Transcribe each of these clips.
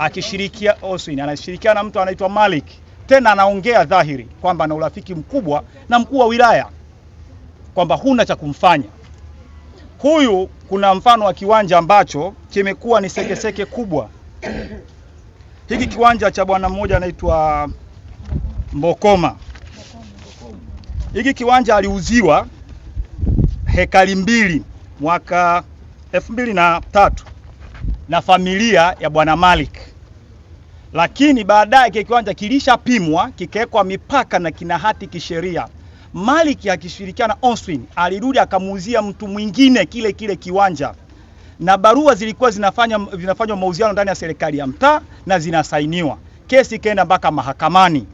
akishirikia Oswin, anashirikiana na mtu anaitwa Malik, tena anaongea dhahiri kwamba ana urafiki mkubwa na mkuu wa wilaya, kwamba huna cha kumfanya huyu. Kuna mfano wa kiwanja ambacho kimekuwa ni sekeseke kubwa, hiki kiwanja cha bwana mmoja anaitwa Mbokoma. Hiki kiwanja aliuziwa hekari mbili mwaka elfu mbili na tatu na familia ya bwana Malik lakini baadaye kile kiwanja kilishapimwa kikawekwa mipaka na kina hati kisheria. Maliki akishirikiana Onswin alirudi akamuuzia mtu mwingine kile kile kiwanja, na barua zilikuwa zinafanya zinafanywa mauziano ndani ya serikali ya mtaa na zinasainiwa. Kesi ikaenda mpaka mahakamani.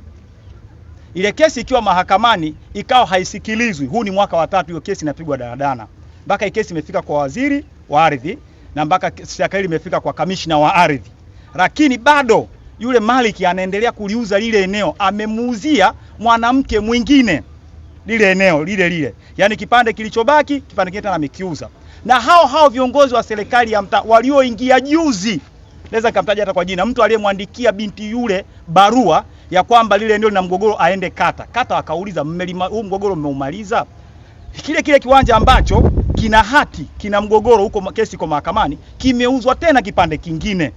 Ile kesi ikiwa mahakamani ikawa haisikilizwi. Huu ni mwaka wa tatu, hiyo kesi inapigwa danadana mpaka kesi imefika kwa waziri wa ardhi na mpaka serikali imefika kwa kamishna wa ardhi, lakini bado yule Maliki anaendelea kuliuza lile eneo, amemuuzia mwanamke mwingine lile eneo lile lile, yaani kipande kilichobaki, kipande kingine tena amekiuza. Na hao hao viongozi wa serikali ya mtaa walioingia juzi, naweza nikamtaja hata kwa jina, mtu aliyemwandikia binti yule barua ya kwamba lile eneo lina mgogoro, aende kata kata, akauliza huu mgogoro mmeumaliza? Kile kile kiwanja ambacho kina hati kina mgogoro huko, kesi iko mahakamani, kimeuzwa tena kipande kingine.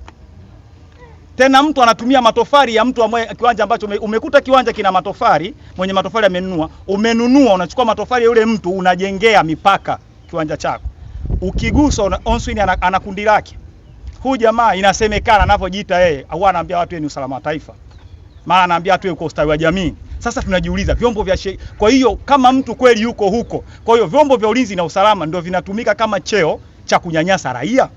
Tena mtu anatumia matofali ya mtu ambaye kiwanja ambacho umekuta kiwanja kina matofali, mwenye matofali amenunua, umenunua, unachukua matofali yule mtu unajengea mipaka kiwanja chako. Ukigusa Onswin ana, ana kundi lake. Huyu jamaa inasemekana anavyojiita yeye, au anaambia watu yeye ni usalama wa taifa. Maana anaambia watu yuko ustawi wa jamii. Sasa tunajiuliza vyombo vya she... Kwa hiyo kama mtu kweli yuko huko, kwa hiyo vyombo vya ulinzi na usalama ndio vinatumika kama cheo cha kunyanyasa raia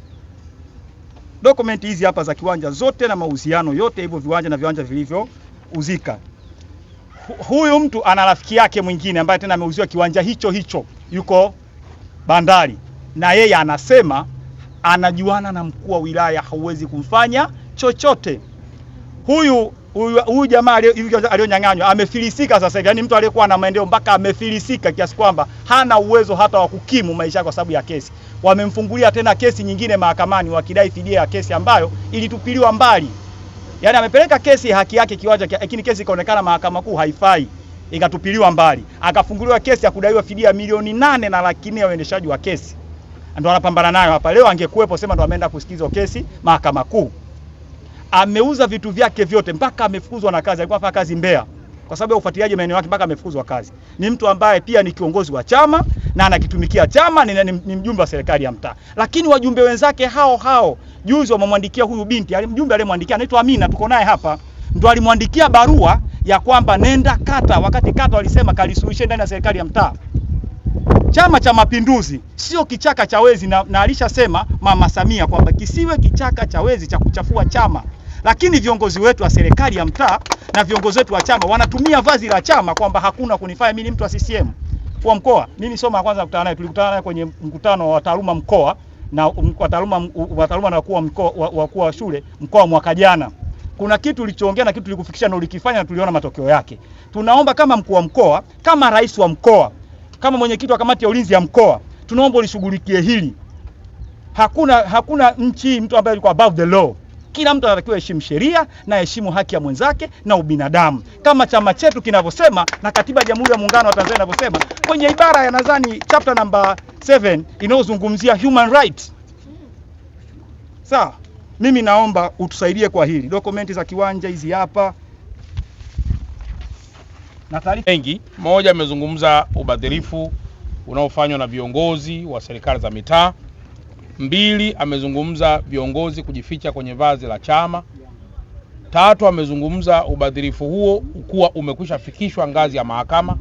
dokumenti hizi hapa za kiwanja zote na mahusiano yote hivyo viwanja na viwanja vilivyouzika. Huyu mtu ana rafiki yake mwingine ambaye tena ameuziwa kiwanja hicho hicho, yuko bandari, na yeye anasema anajuana na mkuu wa wilaya, hauwezi kumfanya chochote. Huyu huyu jamaa hivi alionyang'anywa amefilisika sasa hivi, yani mtu aliyekuwa na maendeleo mpaka amefilisika kiasi kwamba hana uwezo hata wa kukimu maisha kwa sababu ya kesi. Wamemfungulia tena kesi nyingine mahakamani wakidai fidia ya kesi ambayo ilitupiliwa mbali. Yani amepeleka kesi haki yake kiwanja, lakini kesi ikaonekana mahakama kuu haifai ikatupiliwa mbali, akafunguliwa kesi ya kudaiwa fidia milioni nane na laki nne ya uendeshaji wa kesi, ndio anapambana nayo hapa leo. Angekuwepo sema ndo ameenda kusikizwa kesi mahakama kuu ameuza vitu vyake vyote mpaka amefukuzwa na kazi. Alikuwa afanya kazi Mbeya kwa sababu ya ufuatiliaji maeneo yake mpaka amefukuzwa kazi. Ni mtu ambaye pia ni kiongozi wa chama na anakitumikia chama, ni, ni, ni mjumbe wa serikali ya mtaa. Lakini wajumbe wenzake hao hao juzi wamemwandikia huyu binti, mjumbe aliyemwandikia anaitwa Amina, tuko naye hapa, ndo alimwandikia barua ya kwamba nenda kata, wakati kata walisema kalisuluhishe ndani ya serikali ya mtaa. Chama cha Mapinduzi sio kichaka cha wezi, na, na alishasema Mama Samia kwamba kisiwe kichaka cha wezi cha kuchafua chama. Lakini viongozi wetu wa serikali ya mtaa na viongozi wetu wa chama wanatumia vazi la chama kwamba hakuna kunifanya mimi mtu wa CCM kwa mkoa. Mimi soma mara kwanza kukutana naye, tulikutana naye kwenye mkutano wa taaluma mkoa na um, wataaluma wataaluma na wakuu wa wakuu wa shule mkoa mwaka jana. Kuna kitu ulichoongea na kitu tulikufikisha na ulikifanya na tuliona matokeo yake. Tunaomba kama mkuu wa mkoa, kama rais wa mkoa, kama mwenyekiti wa kamati ya ulinzi ya mkoa, tunaomba ulishughulikie hili. Hakuna hakuna nchi mtu ambaye alikuwa above the law. Kila mtu anatakiwa heshimu sheria na heshimu haki ya mwenzake na ubinadamu, kama chama chetu kinavyosema na katiba ya Jamhuri ya Muungano wa Tanzania inavyosema kwenye ibara ya nadhani chapter number 7 inayozungumzia human rights. Sawa, mimi naomba utusaidie kwa hili, dokumenti za kiwanja hizi hapa na taarifa mengi. Mmoja amezungumza ubadhirifu unaofanywa na viongozi wa serikali za mitaa. Mbili, amezungumza viongozi kujificha kwenye vazi la chama. Tatu, amezungumza ubadhirifu huo kuwa umekwisha fikishwa ngazi ya mahakama.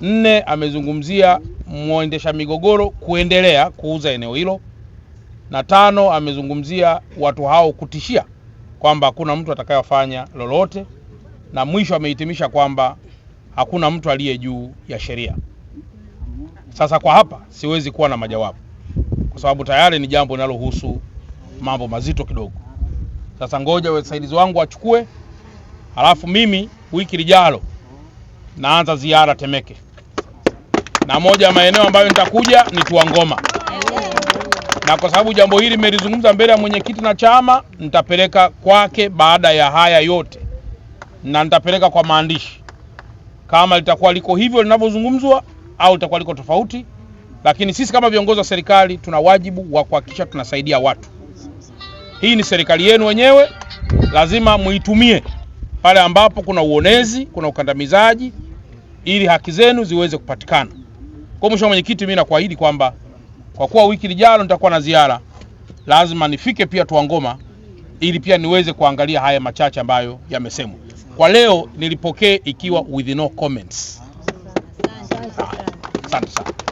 Nne, amezungumzia mwendesha migogoro kuendelea kuuza eneo hilo, na tano, amezungumzia watu hao kutishia kwamba hakuna mtu atakayofanya lolote, na mwisho amehitimisha kwamba hakuna mtu aliye juu ya sheria. Sasa kwa hapa siwezi kuwa na majawabu kwa sababu tayari ni jambo linalohusu mambo mazito kidogo. Sasa ngoja wasaidizi wangu wachukue, halafu mimi wiki lijalo naanza ziara Temeke, na moja ya maeneo ambayo nitakuja ni Tuangoma, na kwa sababu jambo hili nimelizungumza mbele ya mwenyekiti na chama, nitapeleka kwake baada ya haya yote, na nitapeleka kwa maandishi kama litakuwa liko hivyo linavyozungumzwa au litakuwa liko tofauti. Lakini sisi kama viongozi wa serikali tuna wajibu wa kuhakikisha tunasaidia watu. Hii ni serikali yenu wenyewe, lazima muitumie pale ambapo kuna uonezi, kuna ukandamizaji, ili haki zenu ziweze kupatikana. Kwa mwisho, mwenyekiti, mimi nakuahidi kwamba kwa kuwa wiki lijalo nitakuwa na ziara, lazima nifike pia Tuangoma ili pia niweze kuangalia haya machache ambayo yamesemwa. Kwa leo nilipokee ikiwa with no comments. Asante sana.